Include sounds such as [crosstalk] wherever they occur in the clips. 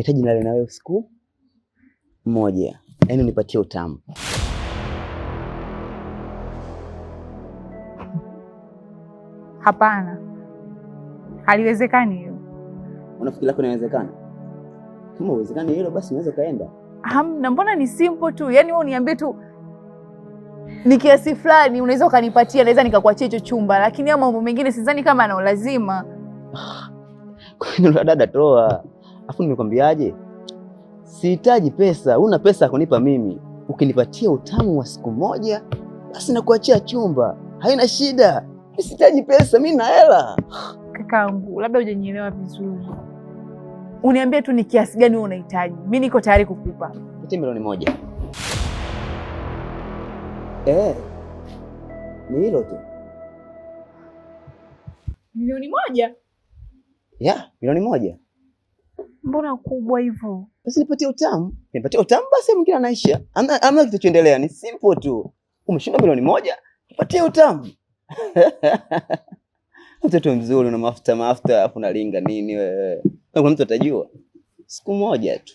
nahitaji nilale na wewe usiku mmoja, yaani unipatie utamu. Hapana, haliwezekani hiyo Unafikiri lako inawezekana? Kama uwezekani hilo, basi unaweza ukaenda. Hamna, mbona ni simple tu, yaani wewe uniambie tu ni kiasi fulani unaweza ukanipatia, naweza nikakuachia hicho chumba, lakini mambo mengine sidhani kama ana ulazima. [sighs] Kwa nini dada, toa Afu nimekwambiaje? Sihitaji pesa, una pesa ya kunipa mimi. Ukinipatia utamu wa siku moja, basi nakuachia chumba, haina shida. Sihitaji pesa, mi na hela. Kakaangu, labda hujanielewa vizuri. Uniambie tu ni kiasi gani wewe unahitaji, mi niko tayari kukupa. Nipe milioni moja. Eh, ni hilo tu. Milioni moja? Yeah, milioni moja. Mbona kubwa hivyo? Basi nipatie utamu, nipatie utamu basi, mwingine anaisha. Amna kitachoendelea, ni simple tu. Umeshinda milioni moja, nipatie utamu. [laughs] Mtoto mzuri una mafuta mafuta, afu nalinga nini wewe? Kuna mtu atajua siku moja tu.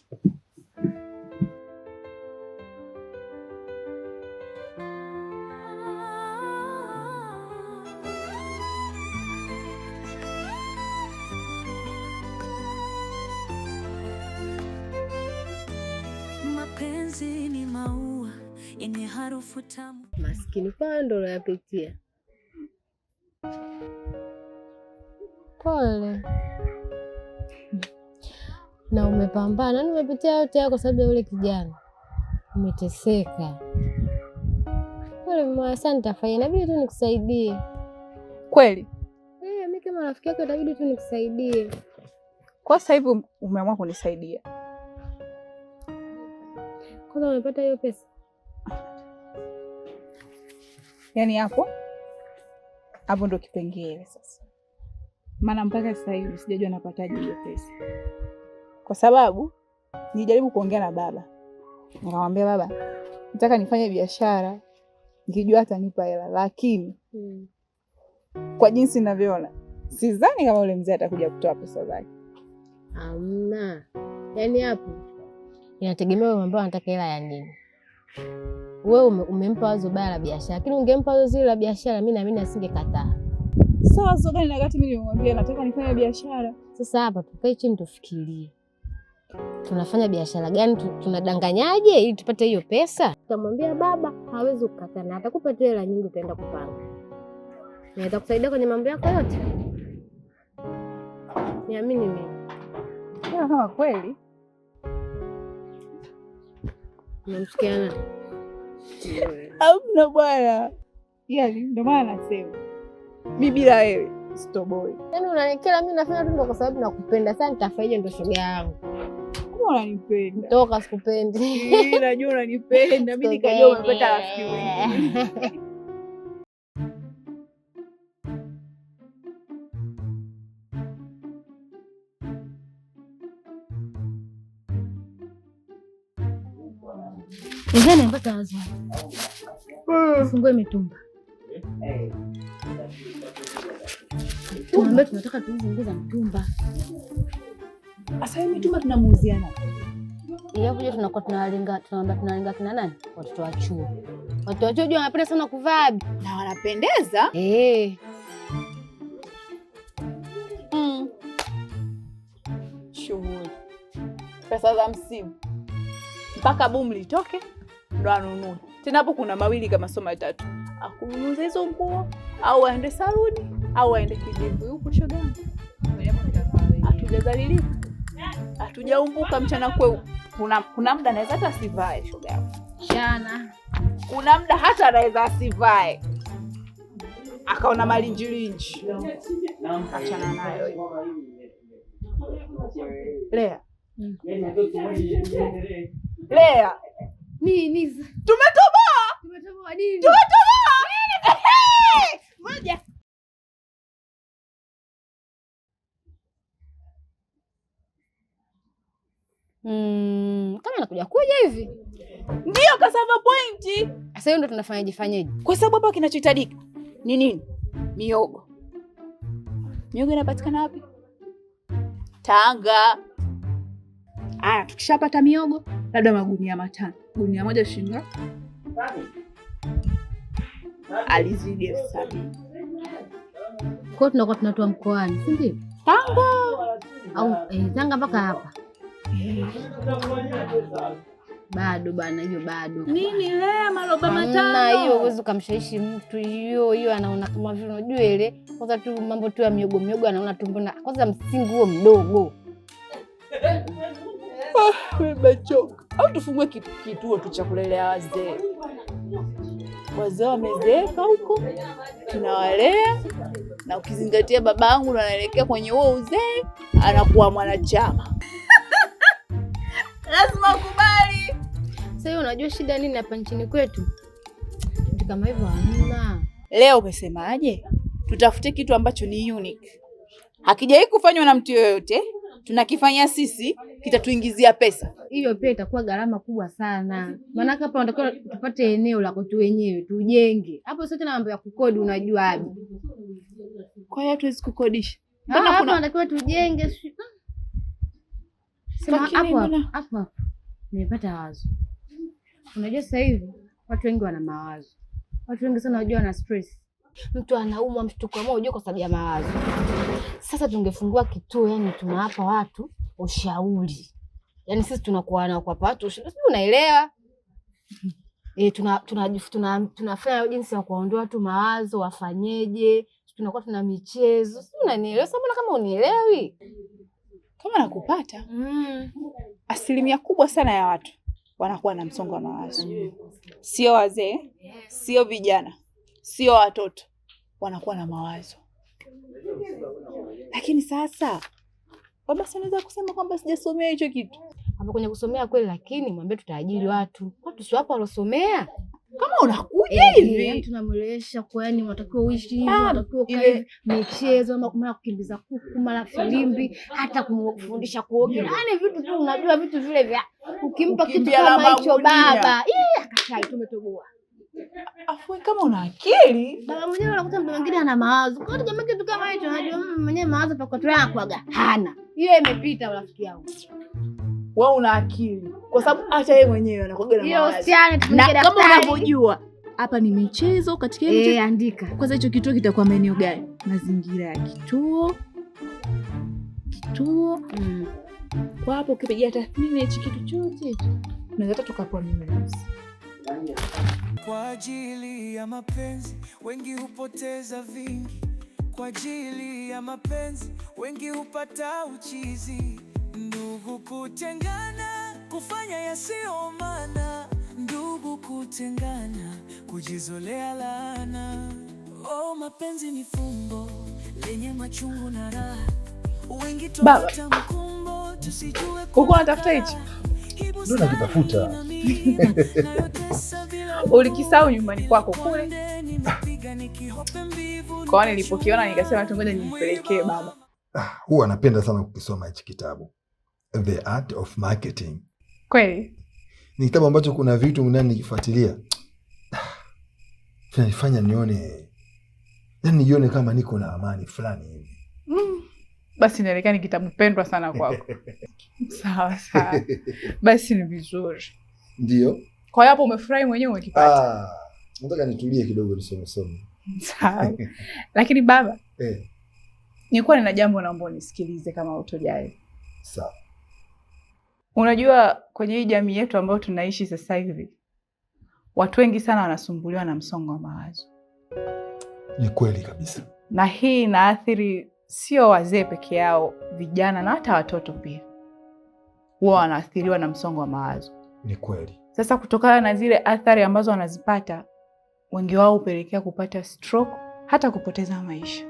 Mapenzi ni maua yenye harufu tamu. Maskini kwa ndo nayapitia. Pole na umepambana, yaani umepitia yote yako sababu ya yule kijana, umeteseka. Masa nitafanya, inabidi tu nikusaidie kweli. Hey, eh, mi kama rafiki yako itabidi tu nikusaidie. Kwa sasa hivi umeamua kunisaidia kwanza umepata hiyo pesa? Yaani hapo hapo ndo kipengele sasa, maana mpaka sasa hivi sijajua napataje hiyo pesa, kwa sababu nijaribu kuongea na baba, nikamwambia baba, nataka nifanye biashara, nikijua atanipa hela, lakini hmm, kwa jinsi ninavyoona sidhani kama ule mzee atakuja kutoa pesa zake. Amna, yaani hapo inategemea wewe ambao anataka hela ya nini. Wewe umempa wazo baya la biashara, lakini ungempa wazo zile la biashara, mimi naamini asingekataa. Sawa, wazo gani? Na wakati mimi nimemwambia nataka nifanye biashara. Sasa hapa tukae chini tufikirie tunafanya biashara gani, tunadanganyaje ili tupate hiyo pesa. Utamwambia baba, hawezi kukataa na atakupa tu hela nyingi, utaenda kupanga naweza kusaidia kwenye mambo yako yote, niamini mimi. Kama kweli Namsikiana amna bwana, yani ndo maana nasema mi bila wewe sitoboi. Yani unanikela mi nafanya tu ndo kwa sababu nakupenda sana, nitafaije? Ndo shoga yangu unanipenda toka sikupendi. Najua unanipenda mi nikajua umepata rafiki [laughs] Ingine mitumba. Tunaambia tunataka tuuze mtumba. Sasa hiyo mitumba tunamuuziana. Ile kuja tunakuwa tunalenga tunaomba tunalenga kina nani? Watoto wa chuo. Watoto wa chuo wanapenda sana kuvaa na wanapendeza. Eh. Mm. Shughuli. Pesa za msimu mpaka boom litoke ndo anunue. Tena hapo kuna mawili kama sio matatu, akununuze hizo nguo au aende saluni au aende kijivu. Huko shoga, hatujadhalilika hatujaumbuka mchana kweu. Kuna kuna muda anaweza hata asivae shoga, mchana kuna muda hata anaweza asivae akaona malinjilinji, achana nayo Lea. Mm. Lea nini? Tumetoboa, tumetoboa nini? Tumetoboa nini? Moja Mm, kama nakuja kuja hivi ndio kasava pointi. Sasa hiyo ndo tunafanyaje fanyaje? Kwa sababu hapa kinachohitajika ni nini? Miogo. Miogo inapatikana wapi? Tanga. Aya, tukishapata miogo labda magunia matano. Gunia moja shinga Alizidi elfu sabini. Kwa tunakuwa tunatoa mkoani, si ndio? Tanga au eh, Tanga mpaka hapa bado bana, hiyo bado nini? Lea maloba matano hiyo, huwezi ukamshawishi mtu hiyo hiyo. Anaona kama vile unajua ile kwanza tu mambo tu ya miogo miogo, anaona tu, mbona kwanza msingi huo mdogo. Nimechoka ah, au tufungue kituo tu cha kulelea wazee. Wazee wamezeeka huko, tunawalea na ukizingatia baba yangu ndo anaelekea kwenye huo uzee, anakuwa mwanachama [laughs] lazima ukubali. Sasa unajua shida nini hapa nchini kwetu? Vitu kama hivyo hamna. Leo umesemaje? Tutafute kitu ambacho ni unique, hakijai kufanywa na mtu yoyote, tunakifanya sisi kitatuingizia pesa. Hiyo pia itakuwa gharama kubwa sana, maanake hapa unatakiwa tupate eneo la kwetu wenyewe tujenge hapo, sio tena mambo ya kukodi. Unajua Abi, kwa hiyo hatuwezi kukodisha ah, hapa, unatakiwa tujenge ah. hapo. Nimepata wazo. Unajua sasa hivi watu wengi wana mawazo, watu wengi sana wajua wana stress mtu anaumwa mshtuko wa moyo, unajua kwa sababu ya mawazo. Sasa tungefungua kituo, yani tunawapa watu ushauri. Yaani sisi tunakuwa na kwa pato, sio unaelewa? [laughs] Eh, tuna tunafanya tuna, tunafanya tuna jinsi ya kuondoa tu mawazo, wafanyeje? Tunakuwa tuna michezo. Sio unanielewa? Sasa mbona kama unielewi? Kama nakupata. Mm. Asilimia kubwa sana ya watu wanakuwa na msongo wa mawazo. Mm. Sio wazee, sio vijana, sio watoto, wanakuwa na mawazo. Lakini sasa basi unaweza kusema kwamba sijasomea hicho kitu hapo kwenye kusomea kweli, lakini mwambie tutaajiri eh. watu, watu sio hapa walosomea kama unakuja eh, hivi tunamwelewesha kwa yani, unatakiwa uishi hivi, unatakiwa kae michezo ama mara kukimbiza kuku, mara filimbi, hata kumfundisha kuoga, yaani vitu tu, unajua vitu vile vya ukimpa kitu kama hicho baba, akashai tumetoboa Afu kama una akili baba mwenyewe, anakuta mtu mwingine ana mawazo kwa hiyo jamii kitu kama hicho, unajua mimi mwenyewe mawazo pa kotoa yakwaga hana. Hiyo imepita rafiki yangu. Wewe una akili kwa sababu acha yeye mwenyewe anakuaga na mawazo. Na kama unavyojua hapa ni michezo katika hiyo michezo. Eh, andika kwanza hicho kituo kitakuwa maeneo gani? Mazingira ya kituo kituo mm. Kwa hapo ukipigia tathmini hichi kitu chote tunaweza tukapoa mimi kwa ajili ya mapenzi wengi hupoteza vingi, kwa ajili ya mapenzi wengi hupata uchizi. Ndugu kutengana, kufanya yasiyo maana, ndugu kutengana, kujizolea laana. Oh, mapenzi ni fumbo lenye machungu na raha, wengi tunatafuta mkumbo, tusijue uko unatafuta hichi ndio nakitafuta. [laughs] Ulikisahau nyumbani kwako kule? Kwa nilipokiona nikasema tungoja nimpelekee baba. Ah, huwa anapenda sana kukisoma hichi kitabu The Art of Marketing. Kweli ni kitabu ambacho kuna vitu ndani nikifuatilia vinanifanya ah, nione, yani nijione kama niko na amani fulani hivi basi inaelekea ni kitabu pendwa sana kwako. [laughs] Sawa sawa, basi ni vizuri. Ndio, kwa hiyo hapo umefurahi mwenyewe umekipata. Ah, nataka nitulie kidogo nisome some. Sawa. Lakini baba [laughs] eh, nilikuwa nina jambo naomba unisikilize kama utojali. Sawa. Unajua, kwenye hii jamii yetu ambayo tunaishi sasa hivi watu wengi sana wanasumbuliwa na msongo wa mawazo. Ni kweli kabisa, na hii inaathiri sio wazee peke yao, vijana na hata watoto pia huwa wanaathiriwa na msongo wa mawazo. Ni kweli. Sasa kutokana na zile athari ambazo wanazipata, wengi wao hupelekea kupata stroke, hata kupoteza maisha.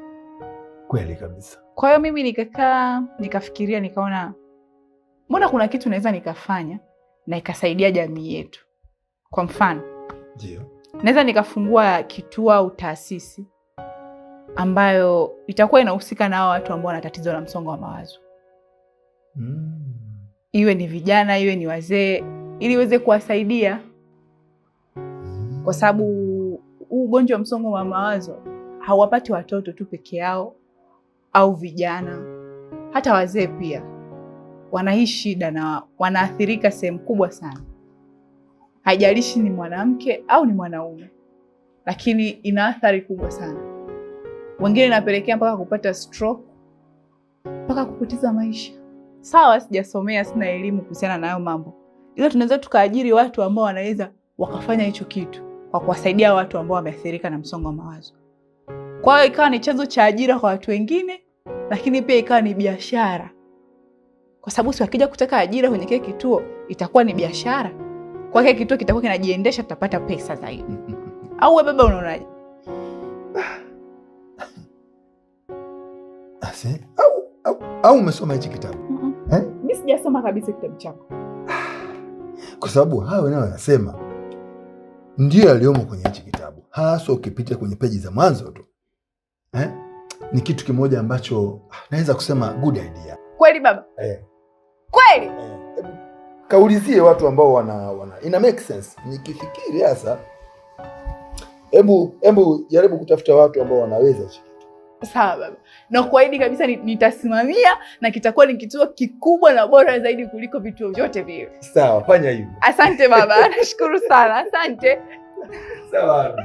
Kweli kabisa. Kwa hiyo mimi nikakaa nikafikiria, nikaona mbona kuna kitu naweza nikafanya na ikasaidia jamii yetu. Kwa mfano, ndio naweza nikafungua kituo au taasisi ambayo itakuwa inahusika na hao watu ambao wana tatizo la msongo wa mawazo mm. Iwe ni vijana, iwe ni wazee, ili iweze kuwasaidia, kwa sababu huu ugonjwa wa msongo wa mawazo hauwapati watoto tu peke yao au vijana, hata wazee pia wana hii shida na wanaathirika sehemu kubwa sana, haijalishi ni mwanamke au ni mwanaume, lakini ina athari kubwa sana wengine inapelekea mpaka kupata stroke, mpaka kupoteza maisha. Sawa, sijasomea, sina elimu kuhusiana na hayo mambo, ila tunaweza tukaajiri watu ambao wanaweza wakafanya hicho kitu kwa kuwasaidia watu ambao wameathirika na msongo wa mawazo. Kwa hiyo ikawa ni chanzo cha ajira kwa watu wengine, lakini pia ikawa ni biashara, kwa sababu si wakija kutaka ajira kwenye kile kituo itakuwa ni biashara kwa kile kituo, kitakuwa kinajiendesha, tutapata pesa zaidi. [laughs] Au wewe baba, unaonaje? basi eh? au au, au umesoma hichi kitabu? mm -mm. Eh? sijasoma kabisa kitabu chako [sighs] kwa sababu hayo wenyewe wanasema ndio yaliyomo kwenye hichi kitabu, hasa ukipita kwenye peji za mwanzo tu eh? Ni kitu kimoja ambacho ah, naweza kusema good idea kweli baba eh. Kweli eh. Kaulizie watu ambao wana, wana. Ina make sense nikifikiri hasa. Hebu hebu jaribu kutafuta watu ambao wanaweza Sawa baba, na kuahidi kabisa nitasimamia na kitakuwa ni kituo kikubwa na bora zaidi kuliko vituo vyote vile. Sawa, fanya hivyo. Asante baba, [laughs] nashukuru sana, asante. Sawa.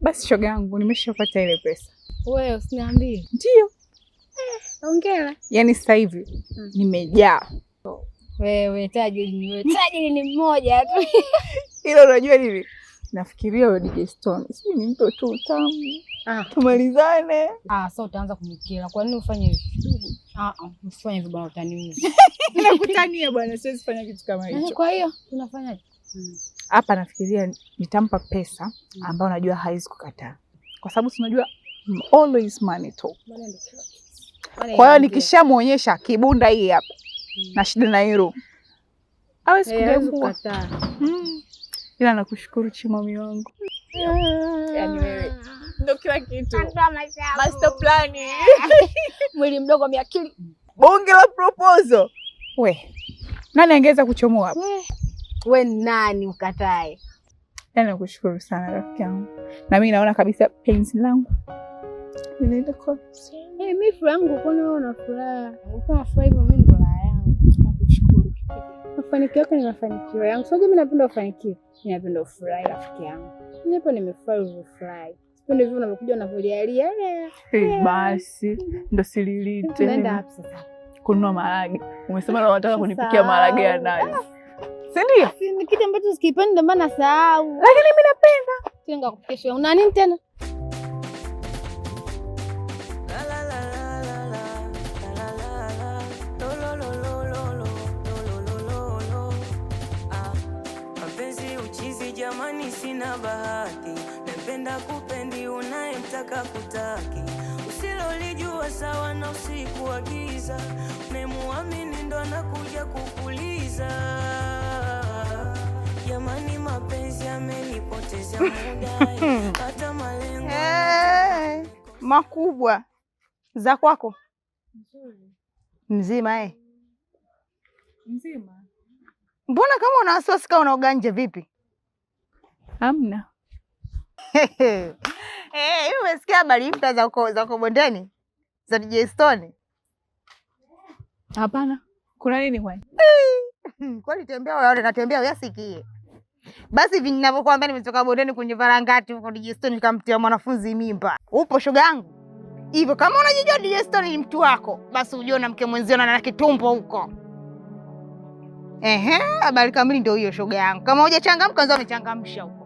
Basi shoga yangu, nimeshapata ile pesa. Wewe usiniambie. Ndio. Hongera. Yaani sasa hivi hmm. nimejaa. Wewe tajiri, tajiri ni mmoja tu. Hilo unajua nini? Nafikiria wewe DJ stone, sijui ni mpe tu utamu ah, tumalizane. Ah, so utaanza kumkila. Kwa nini ufanye hivi? Ah, ah, usifanye hivyo bwana, utaniuza. [laughs] Nakutania bwana, siwezi fanya kitu kama eh, hicho. Kwa hiyo tunafanya hmm. hapa, hmm. nafikiria nitampa pesa hmm. ambayo najua haizi kukataa, kwa sababu si unajua mm, always money talk. Kwa hiyo nikishamwonyesha kibunda hii hapa hmm. na shida na hilo hawezi eh, kukataa. hmm ila nakushukuru chimami wangu, yaani ndo kila kitu, master plan eh. [laughs] mwili mdogo, miakili bonge la proposal. We nani angeweza kuchomoa hapo? Eh. We nani ukatae? Yaani nakushukuru sana rafiki yangu, na mimi naona kabisa penzi langu linaenda kwa mimi, eh, furaha yangu, kuna una furaha, kuna hivyo mimi Mafanikio yako ni mafanikio yangu. Sasa mimi napenda ufanikio. Mimi napenda ufurahi rafiki yangu. Mimi nimefurahi ufurahi. Sipendi vile unakuja unavolialia. Eh, basi ndo sililite. Tunaenda hapo sasa. Kununua marage. Umesema na unataka kunipikia marage ya nazi. Ah, si ndio? Si kitu ambacho sikipendi ndio maana nasahau. Lakini mimi napenda. Tenga kufikisha. Una nini tena? sina bahati, napenda kupendi, unayemtaka kutaki, usilolijua sawa na usiku wa giza, unayemuamini ndo anakuja kukuliza. Jamani, mapenzi amenipoteza muda, [laughs] hata malengo hey, makubwa za kwako mzima eh? Mzima mbona kama una wasiwasi, kaa unaoganja vipi? Hamna. [laughs] Hivi umesikia habari mpya za uko za uko bondeni za DJ Stone? Hapana. Kuna nini kwani? [laughs] Kwani tembea waone natembea uyasikie. Basi hivi ninavyokuambia nimetoka bondeni kwenye varangati huko DJ Stone nikamtia mwanafunzi mimba. Upo shoga yangu? Hivyo kama unajijua DJ Stone ni mtu wako, basi ujue na mke mwenzio na kitumbo huko. Ehe, habari kamili ndio hiyo shoga yangu. Kama hujachangamka, ndio umechangamsha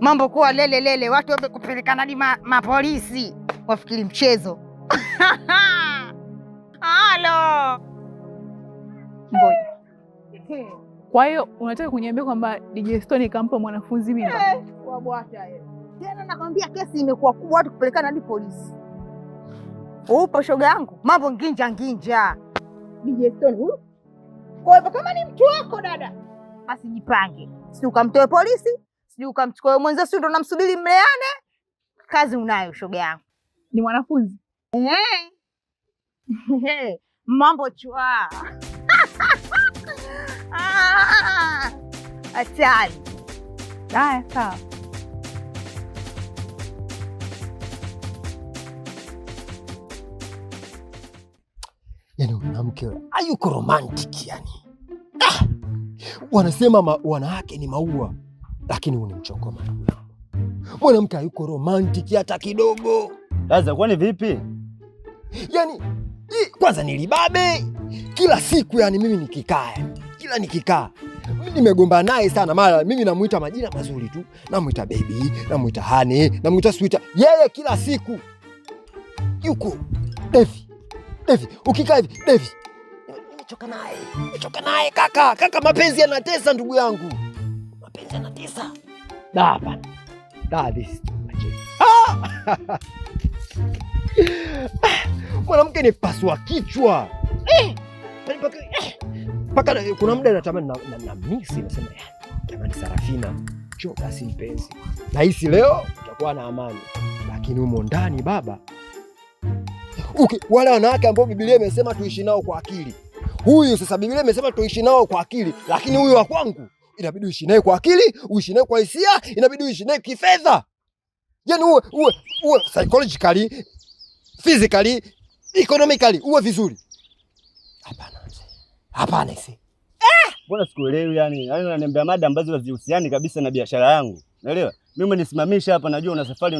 mambo kuwa lele lele, watu wape kupelekana hadi ma, mapolisi wafikiri mchezo. [laughs] Halo, ngoja. Kwa hiyo unataka kuniambia kwamba DJ Stone kampa mwanafunzi mimba? Eh, Tena nakwambia kesi imekuwa kubwa, watu kupelekana hadi polisi. Upo shoga yangu, mambo nginja nginja. DJ Stone huyu. Kwa hiyo kama ni mtu wako dada, basi jipange, si ukamtoe polisi sijui ukamchukua mwenzio, si ndo namsubiri mleane? Kazi unayo shoga yangu, ni mwanafunzi hey. Hey. Mambo chwa [laughs] hatari. Haya, sawa. Yani mwanamke hayuko romantic yani, ah! Wanasema wanawake ni maua lakini huu ni mchokoma ndugu yangu. Mwanamke hayuko romantiki hata kidogo. Sasa kwani vipi? i, yaani, kwanza nilibabe kila siku, yani mimi nikikaa, kila nikikaa nimegomba naye sana. Mara mimi namuita majina mazuri tu, namuita baby, namuita honey, namuita sweetie. Yeye kila siku yuko Devi, Devi, ukikaa hivi Devi, nimechoka naye, nimechoka naye kaka, kaka, mapenzi yanatesa ndugu yangu vijana tisa. Da, hapana. Da, this is too much. Mwanamke ni paswa kichwa eh! Yaani mpaka eh, eh, kuna muda natamani na, na, na misi nasema eh, jamani, Sarafina cho basi mpenzi, nahisi leo utakuwa na amani, lakini umo ndani baba okay. Wale wanawake ambao Biblia imesema tuishi nao kwa akili, huyu sasa Biblia imesema tuishi nao kwa akili, lakini huyu wa kwangu inabidi uishi naye kwa akili, uishi naye kwa hisia, inabidi uishi naye kifedha, yani uwe uwe uwe psychologically, physically, economically uwe vizuri. Hapana, hapana isi eh, mbona sikuelewi? Yani yani unaniambia mada ambazo hazihusiani kabisa na biashara yangu, unaelewa? Mimi nisimamisha hapa, najua una safari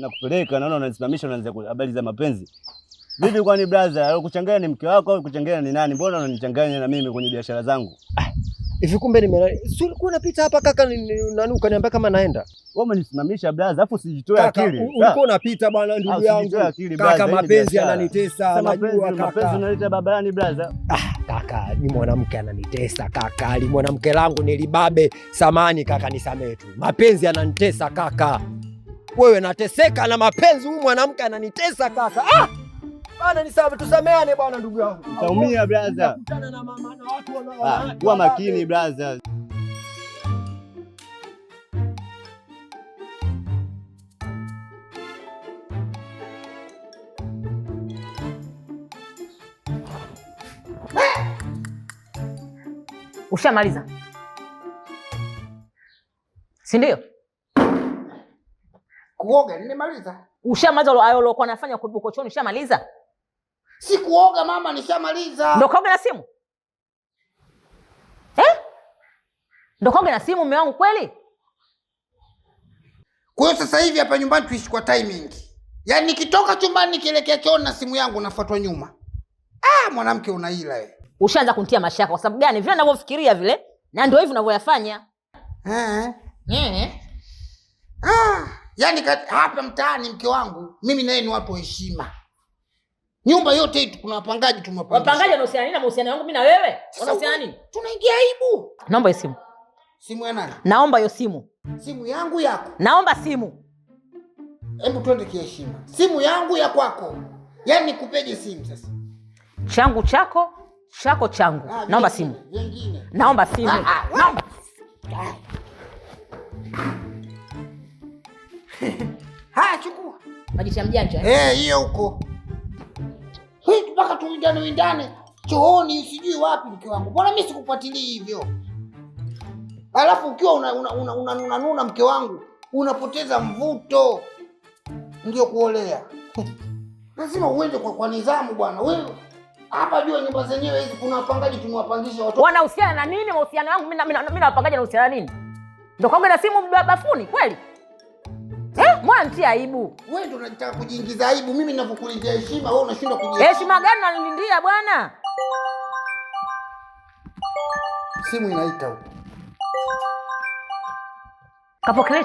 nakupeleka, naona unanisimamisha, unaanza habari za mapenzi Vipi kwani brother, kuchanganya ni mke wako au kuchanganya ni nani? Mbona unanichanganya na mimi kwenye biashara zangu? Ah! Hivi kumbe nimelala. Si ulikuwa unapita hapa kaka nani ukaniambia kama naenda. Wewe umenisimamisha blaza, afu usijitoe akili. Ulikuwa unapita bwana ndugu ah, yangu. Kaka mapenzi yananitesa, najua kaka. Mapenzi unaleta babani blaza. Ah, kaka ni mwanamke ananitesa kaka. Ni mwanamke langu nilibabe samani kaka, nisamee tu. Mapenzi yananitesa kaka. Wewe nateseka na mapenzi, huyu mwanamke ananitesa kaka. Ah! Bana nisave, tusameane bwana, ndugu yangu. Utaumia brother. Kutana na mama na watu wanaoana. Kuwa makini brother. Ushamaliza, si ndio? Kuoga nimemaliza. Ushamaliza, ayo aliokuwa nafanya kochoni, ushamaliza? Sikuoga mama, nishamaliza. Ndo kaoge na simu eh? Ndo kaoge na simu mume wangu kweli? Kwa hiyo sasa hivi hapa nyumbani tuishi kwa timing, yaani nikitoka chumbani nikielekea chooni na simu yangu nafuatwa nyuma. Ah, mwanamke unaila wewe. Ushaanza kuntia mashaka kwa sababu gani? Vile ninavyofikiria vile na ndio hivi ninavyoyafanya. Eh. Eh. Ah, yaani hapa mtaani mke wangu mimi naye ni watu wa heshima nyumba yote hii kuna wapangaji, tumepanga. Wapangaji wanahusiana nini na mahusiano yangu mimi na wewe? Wanahusiana nini? Tunaingia aibu. Naomba hiyo simu. Simu ya nani? Naomba hiyo simu. Simu yangu yako? Naomba simu. Hebu twende kiheshima. Simu yangu ya kwako? Yaani nikupeje simu sasa? Changu chako, chako changu. Ah, naomba simu. Vingine. Naomba simu. Ah, ah, naomba. Ah. Haya, chukua. Majisha mjanja. Eh, hiyo huko hii mpaka tuwindane windane chooni usijui wapi. Mke wangu, mbona mi sikufuatilii hivyo? Alafu ukiwa unanuna una, una, una, mke wangu, unapoteza mvuto ndio kuolea. [laughs] Lazima uende kwa, kwa nidhamu bwana. Wewe hapa jua nyumba zenyewe hizi kuna wapangaji tumewapangisha watu. Wanahusiana na nini? Mahusiano yangu mimi na wapangaji wanahusiana na nini? Ndio kwangu na simu bafuni kweli? Mbona aibu? Wewe ndio unataka kujiingiza aibu. Mimi ninavyokulindia heshima, wewe unashindwa kujiingiza. Heshima gani nalindia bwana? Simu inaita huko. Kapokelee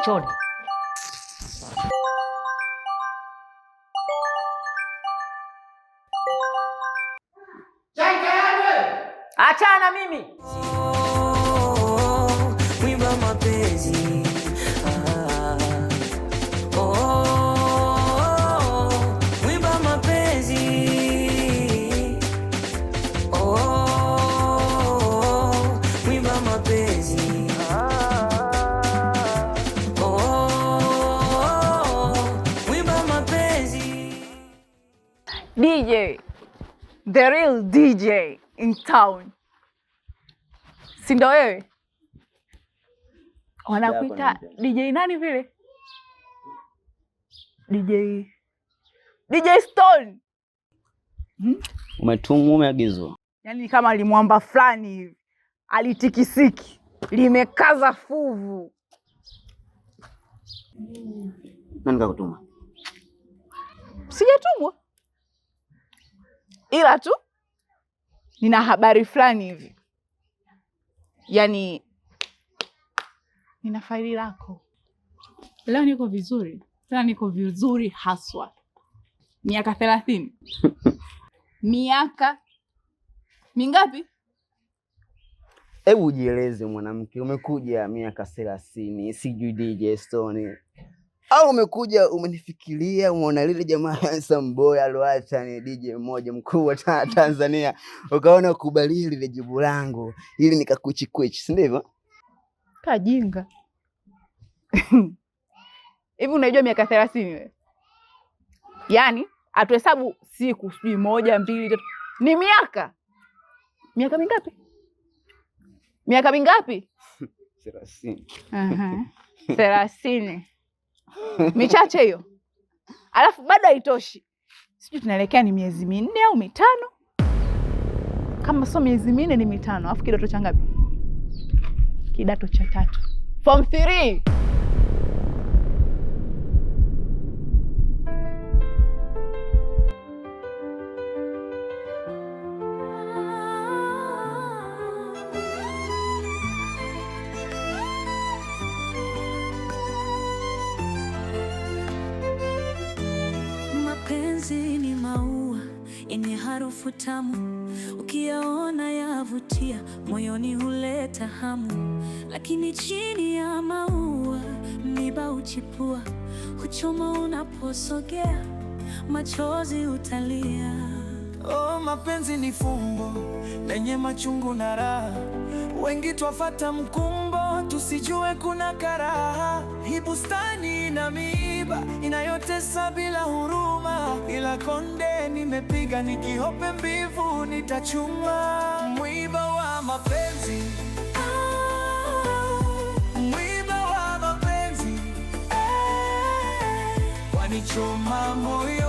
the real DJ in town, si ndo wewe? Wanakuita DJ nani vile? DJ DJ Stone. Hmm? Umetumwa, umeagizwa, yaani kama limwamba fulani hivi alitikisiki, limekaza fuvu. Nani kakutuma? Sijatumwa ila tu nina habari fulani hivi, yaani nina faili lako. Leo niko vizuri, leo niko vizuri haswa. Miaka thelathini [laughs] miaka mingapi? Hebu ujieleze mwanamke, umekuja miaka thelathini, sijui DJ Stone au umekuja umenifikiria, umeona lile jamaa [laughs] handsome boy ni DJ mmoja mkuu wa Tanzania, ukaona ukubali lile jibu langu ili nikakuchikwichi, si ndivyo? Kajinga [laughs] hivi unajua miaka thelathini wewe? Yaani atuhesabu siku sijui moja mbili tatu, ni miaka miaka mingapi? Miaka mingapi? [laughs] thelathini. Aha, thelathini [laughs] michache hiyo, alafu bado haitoshi, sijui tunaelekea ni miezi minne au mitano, kama sio miezi minne ni mitano. Alafu kidato cha ngapi? Kidato cha tatu, form matamu, ukiyaona yavutia, moyoni huleta hamu. Lakini chini ya maua miba uchipua huchoma unaposogea, machozi utalia. Oh, mapenzi ni fumbo lenye machungu na raha, wengi twafata mkumbo, tusijue kuna karaha. Hii bustani na mimi misiba inayotesa bila huruma, ila konde nimepiga nikihope mbivu nitachuma. Mwiba wa mapenzi ah, mwiba wa mapenzi eh, wanichoma moyo